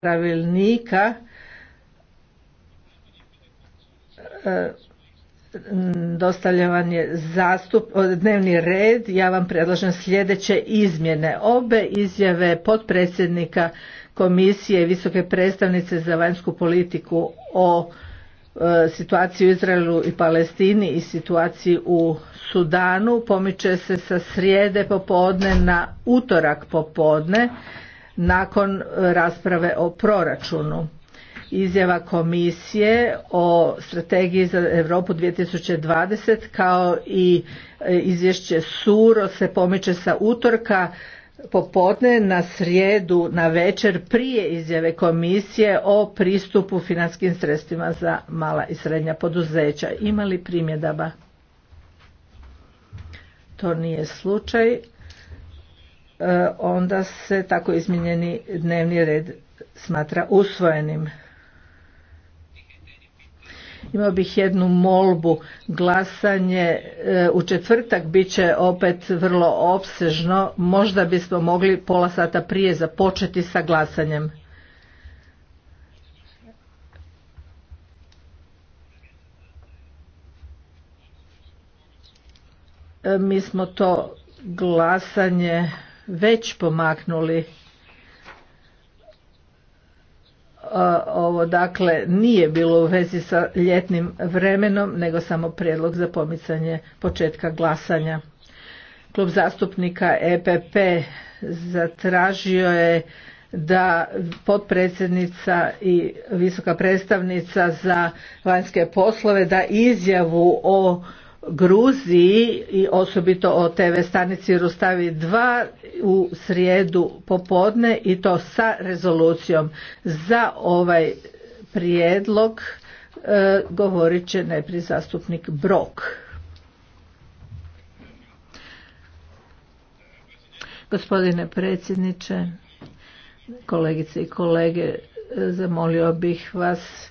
pravilnika e, vam je zastup, dnevni red, ja vam predlažem sljedeće izmjene. Obe izjave potpredsjednika komisije visoke predstavnice za vanjsku politiku o e, situaciji u Izraelu i Palestini i situaciji u Sudanu pomiče se sa srijede popodne na utorak popodne nakon e, rasprave o proračunu. Izjava komisije o strategiji za Europu 2020 kao i e, izvješće Suro se pomiče sa utorka popodne na srijedu na večer prije izjave komisije o pristupu financijskim sredstvima za mala i srednja poduzeća. Ima li primjedaba? To nije slučaj. E, onda se tako izmijenjeni dnevni red smatra usvojenim. Imao bih jednu molbu. Glasanje e, u četvrtak bit će opet vrlo opsežno. Možda bismo mogli pola sata prije započeti sa glasanjem. E, mi smo to glasanje već pomaknuli e, ovo dakle nije bilo u vezi sa ljetnim vremenom nego samo prijedlog za pomicanje početka glasanja. Klub zastupnika EPP zatražio je da potpredsjednica i visoka predstavnica za vanjske poslove da izjavu o Gruziji i osobito o TV stanici Rustavi 2 u srijedu popodne i to sa rezolucijom za ovaj prijedlog e, govorit će najprije zastupnik Brok. Gospodine predsjedniče, kolegice i kolege, e, zamolio bih vas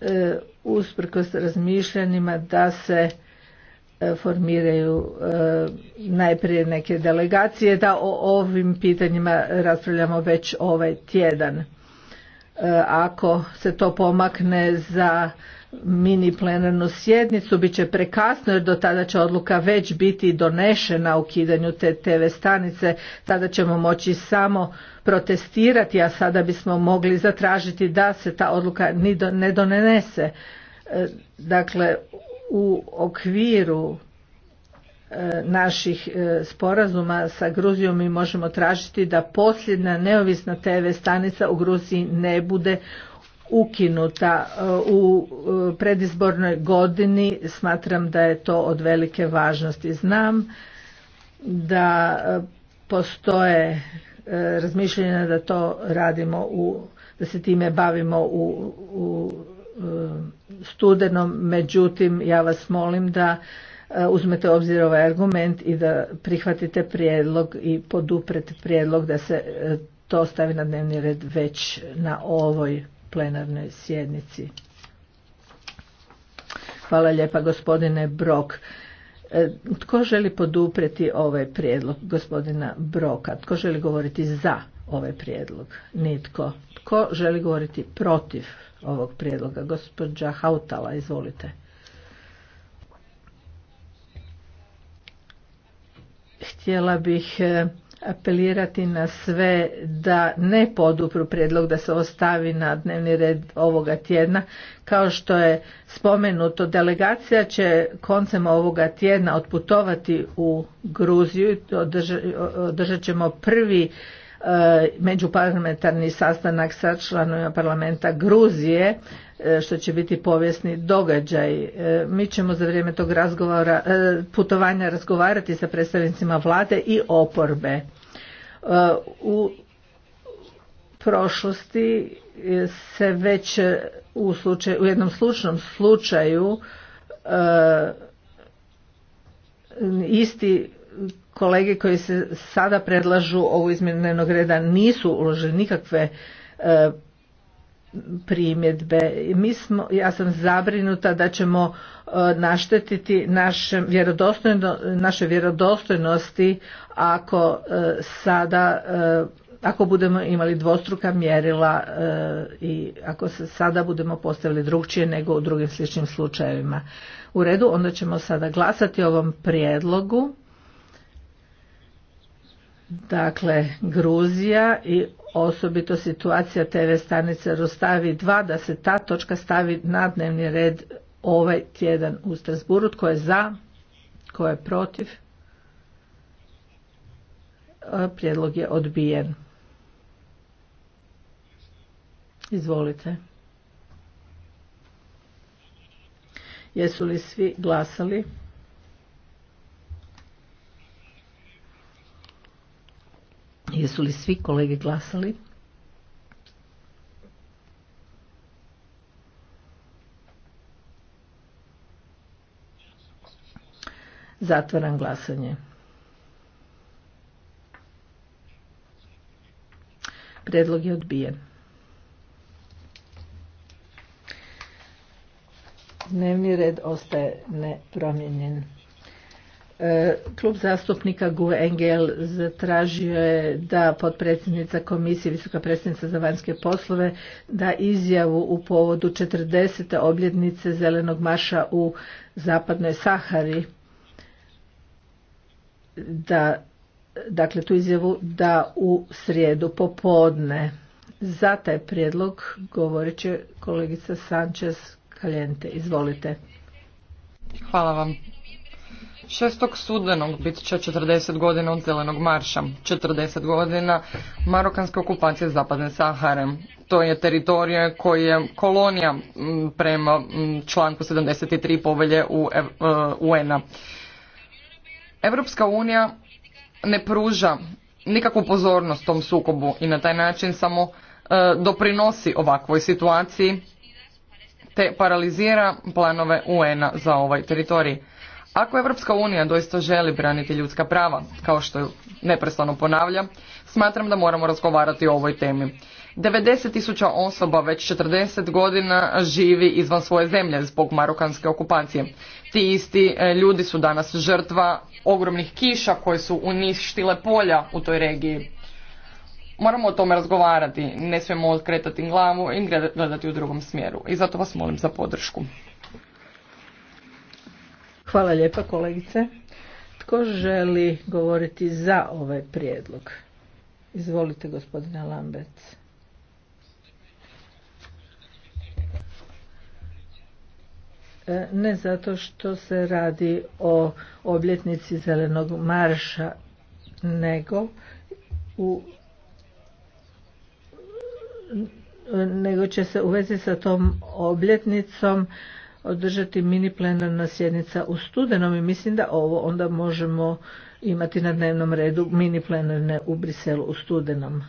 e, usprkos razmišljanjima da se e, formiraju e, najprije neke delegacije da o ovim pitanjima raspravljamo već ovaj tjedan. E, ako se to pomakne za mini plenarnu sjednicu bit će prekasno jer do tada će odluka već biti donešena u ukidanju te TV stanice. Tada ćemo moći samo protestirati, a sada bismo mogli zatražiti da se ta odluka ni ne donese. E, dakle, u okviru e, naših e, sporazuma sa Gruzijom mi možemo tražiti da posljedna neovisna TV stanica u Gruziji ne bude ukinuta uh, u uh, predizbornoj godini smatram da je to od velike važnosti znam da uh, postoje razmišljanja da to radimo u da se time bavimo u, u studenom međutim ja vas molim da uzmete obzir ovaj argument i da prihvatite prijedlog i poduprete prijedlog da se to stavi na dnevni red već na ovoj plenarnoj sjednici. Hvala lijepa gospodine Brok. E, tko želi poduprijeti ovaj prijedlog gospodina Broka? Tko želi govoriti za ovaj prijedlog? Nitko. Tko želi govoriti protiv ovog prijedloga? Gospođa Hautala, izvolite. Htjela bih e, apelirati na sve da ne podupru prijedlog da se ostavi na dnevni red ovoga tjedna. Kao što je spomenuto, delegacija će koncem ovoga tjedna otputovati u Gruziju. Održat ćemo prvi e, međuparlamentarni sastanak sa članovima parlamenta Gruzije E, što će biti povijesni događaj. E, mi ćemo za vrijeme tog razgovora, e, putovanja razgovarati sa predstavnicima vlade i oporbe. U prošlosti se već u, slučaju, u jednom slučnom slučaju isti kolege koji se sada predlažu ovu izmjenu dnevnog reda nisu uložili nikakve primjedbe. Mi smo, ja sam zabrinuta da ćemo e, naštetiti naše naše vjerodostojnosti ako e, sada e, ako budemo imali dvostruka mjerila i ako se sada budemo postavili drugčije nego u drugim sličnim slučajevima. U redu, onda ćemo sada glasati o ovom prijedlogu. Dakle, Gruzija i osobito situacija TV stanice Rostavi 2, da se ta točka stavi na dnevni red ovaj tjedan u Strasburu. Tko je za? Tko je protiv? E, prijedlog je odbijen. Izvolite. Jesu li svi glasali? Jesu li svi kolege glasali? Zatvaram glasanje. Predlog je odbijen. Dnevni red ostaje nepromjenjen. E, Klub zastupnika GUE Engel zatražio je da potpredsjednica komisije, visoka predsjednica za vanjske poslove, da izjavu u povodu 40. obljednice Zelenog maša u zapadnoj Sahari. Da, dakle, tu izjavu da u srijedu popodne. Za taj prijedlog govorit će kolegica Sanchez Kaljente. Izvolite. Hvala vam 6. studenog bit će 40 godina od zelenog marša, 40 godina marokanske okupacije Zapadne Sahare. To je teritorija koja je kolonija prema članku 73 povelje e, e, UN-a. Evropska unija ne pruža nikakvu pozornost tom sukobu i na taj način samo e, doprinosi ovakvoj situaciji te paralizira planove UN-a za ovaj teritorij. Ako Europska unija doista želi braniti ljudska prava, kao što neprestano ponavlja, smatram da moramo razgovarati o ovoj temi. 90 tisuća osoba već 40 godina živi izvan svoje zemlje zbog marokanske okupacije. Ti isti e, ljudi su danas žrtva ogromnih kiša koje su uništile polja u toj regiji. Moramo o tome razgovarati, ne smijemo odkretati glavu i gledati u drugom smjeru. I zato vas molim za podršku. Hvala lijepa kolegice. Tko želi govoriti za ovaj prijedlog? Izvolite gospodine Lambec. E, ne zato što se radi o obljetnici zelenog marša, nego u nego će se u vezi sa tom obljetnicom održati mini plenarna sjednica u studenom i mislim da ovo onda možemo imati na dnevnom redu mini plenarne u Briselu u studenom.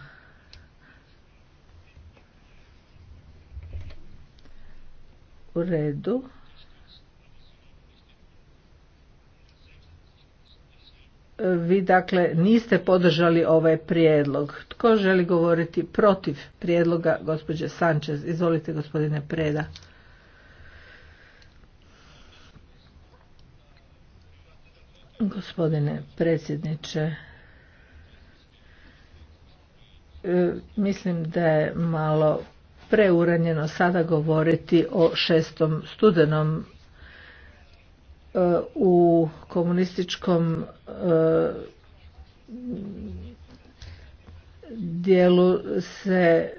U redu. Vi dakle niste podržali ovaj prijedlog. Tko želi govoriti protiv prijedloga gospođe Sanchez? Izvolite gospodine Preda. Gospodine predsjedniče, e, mislim da je malo preuranjeno sada govoriti o šestom studenom e, u komunističkom e, dijelu se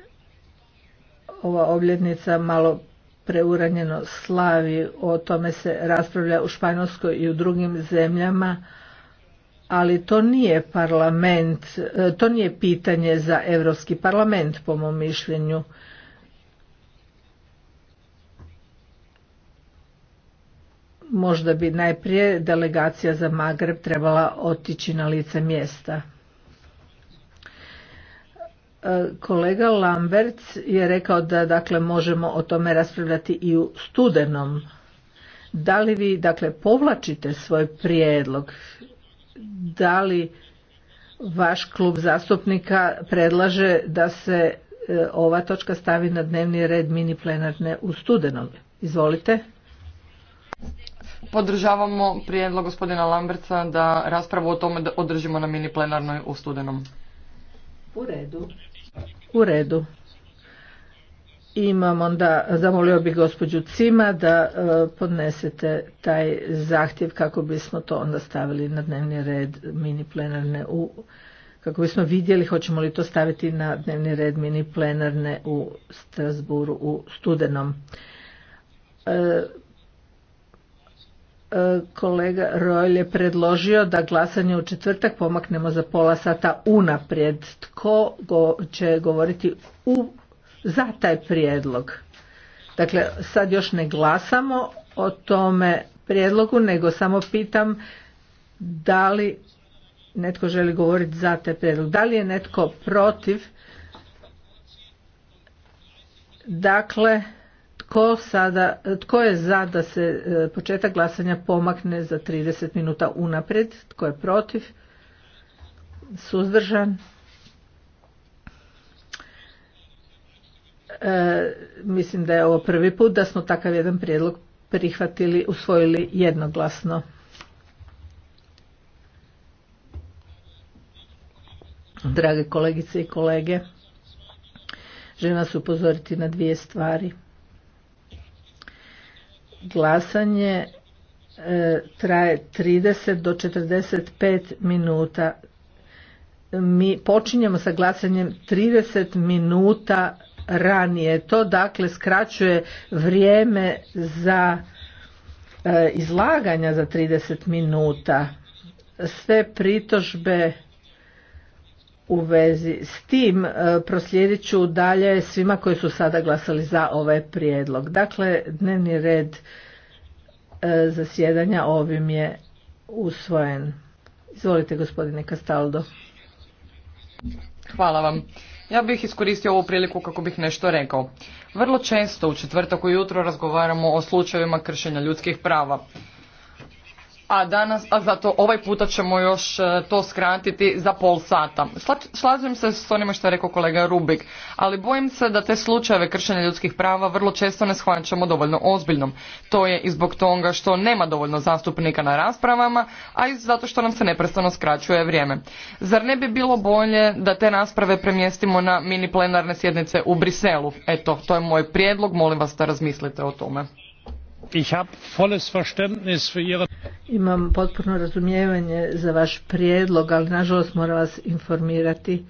ova obljednica malo preuranjeno slavi, o tome se raspravlja u Španjolskoj i u drugim zemljama, ali to nije parlament, e, to nije pitanje za Europski parlament po mom mišljenju. Možda bi najprije delegacija za Magreb trebala otići na lice mjesta. E, kolega Lambert je rekao da dakle možemo o tome raspravljati i u studenom. Da li vi dakle povlačite svoj prijedlog? Da li vaš klub zastupnika predlaže da se e, ova točka stavi na dnevni red mini plenarne u studenom? Izvolite. Podržavamo prijedlog gospodina Lamberca da raspravu o tome održimo na mini plenarnoj u studenom. U redu. U redu. Imam onda, zamolio bih gospođu Cima da e, podnesete taj zahtjev kako bismo to onda stavili na dnevni red mini plenarne u kako bismo vidjeli hoćemo li to staviti na dnevni red mini plenarne u Strasburu u studenom. E, E, kolega Rojl je predložio da glasanje u četvrtak pomaknemo za pola sata unaprijed. Tko go će govoriti u, za taj prijedlog? Dakle, sad još ne glasamo o tome prijedlogu, nego samo pitam da li netko želi govoriti za taj prijedlog. Da li je netko protiv? Dakle, tko, sada, tko je za da se e, početak glasanja pomakne za 30 minuta unaprijed? Tko je protiv? Suzdržan? E, mislim da je ovo prvi put da smo takav jedan prijedlog prihvatili, usvojili jednoglasno. Drage kolegice i kolege, želim vas upozoriti na dvije stvari. Glasanje e, traje 30 do 45 minuta. Mi počinjemo sa glasanjem 30 minuta ranije. To dakle skraćuje vrijeme za e, izlaganja za 30 minuta. Sve pritožbe u vezi s tim e, proslijedit ću dalje svima koji su sada glasali za ovaj prijedlog. Dakle, dnevni red e, zasjedanja ovim je usvojen. Izvolite gospodine Castaldo. Hvala vam. Ja bih iskoristio ovu priliku kako bih nešto rekao. Vrlo često u četvrtak ujutro razgovaramo o slučajevima kršenja ljudskih prava a danas, a zato ovaj puta ćemo još e, to skratiti za pol sata. Slažem se s onima što je rekao kolega Rubik, ali bojim se da te slučajeve kršenja ljudskih prava vrlo često ne shvaćamo dovoljno ozbiljnom. To je i zbog toga što nema dovoljno zastupnika na raspravama, a i zato što nam se neprestano skraćuje vrijeme. Zar ne bi bilo bolje da te rasprave premjestimo na mini plenarne sjednice u Briselu? Eto, to je moj prijedlog, molim vas da razmislite o tome. Ich habe volles Verständnis für imam potpuno razumijevanje za vaš prijedlog, ali nažalost moram vas informirati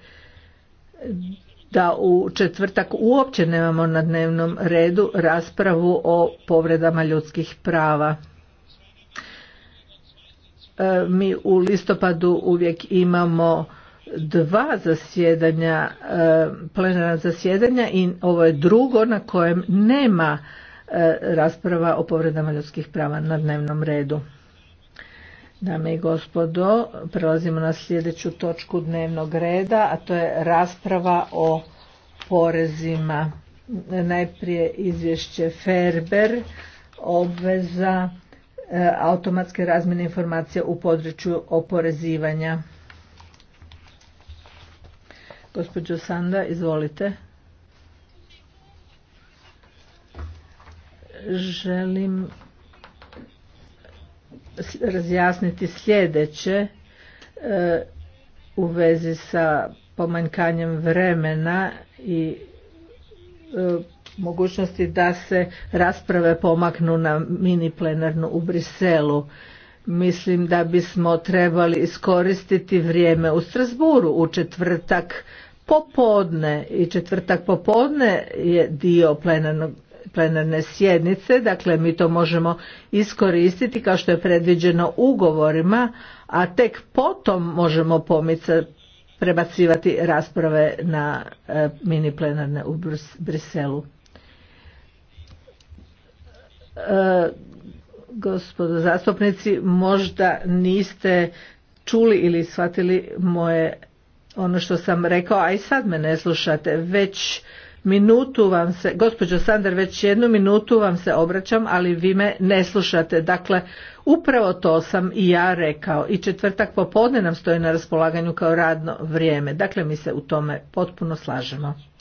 da u četvrtak uopće nemamo na dnevnom redu raspravu o povredama ljudskih prava. E, mi u listopadu uvijek imamo dva zasjedanja, e, plenarna zasjedanja i ovo je drugo na kojem nema e, rasprava o povredama ljudskih prava na dnevnom redu. Dame i gospodo, prelazimo na sljedeću točku dnevnog reda, a to je rasprava o porezima. Najprije izvješće Ferber, obveza e, automatske razmjene informacija u području oporezivanja. Gospođo Sanda, izvolite. Želim razjasniti sljedeće e, u vezi sa pomanjkanjem vremena i e, mogućnosti da se rasprave pomaknu na mini plenarnu u Briselu. Mislim da bismo trebali iskoristiti vrijeme u Strasburu u četvrtak popodne i četvrtak popodne je dio plenarnog plenarne sjednice, dakle mi to možemo iskoristiti kao što je predviđeno ugovorima, a tek potom možemo pomicati prebacivati rasprave na e, mini plenarne u Briselu. E, gospodo zastupnici, možda niste čuli ili shvatili moje ono što sam rekao, a i sad me ne slušate, već minutu vam se, gospođo Sander, već jednu minutu vam se obraćam, ali vi me ne slušate. Dakle, upravo to sam i ja rekao i četvrtak popodne nam stoji na raspolaganju kao radno vrijeme. Dakle, mi se u tome potpuno slažemo.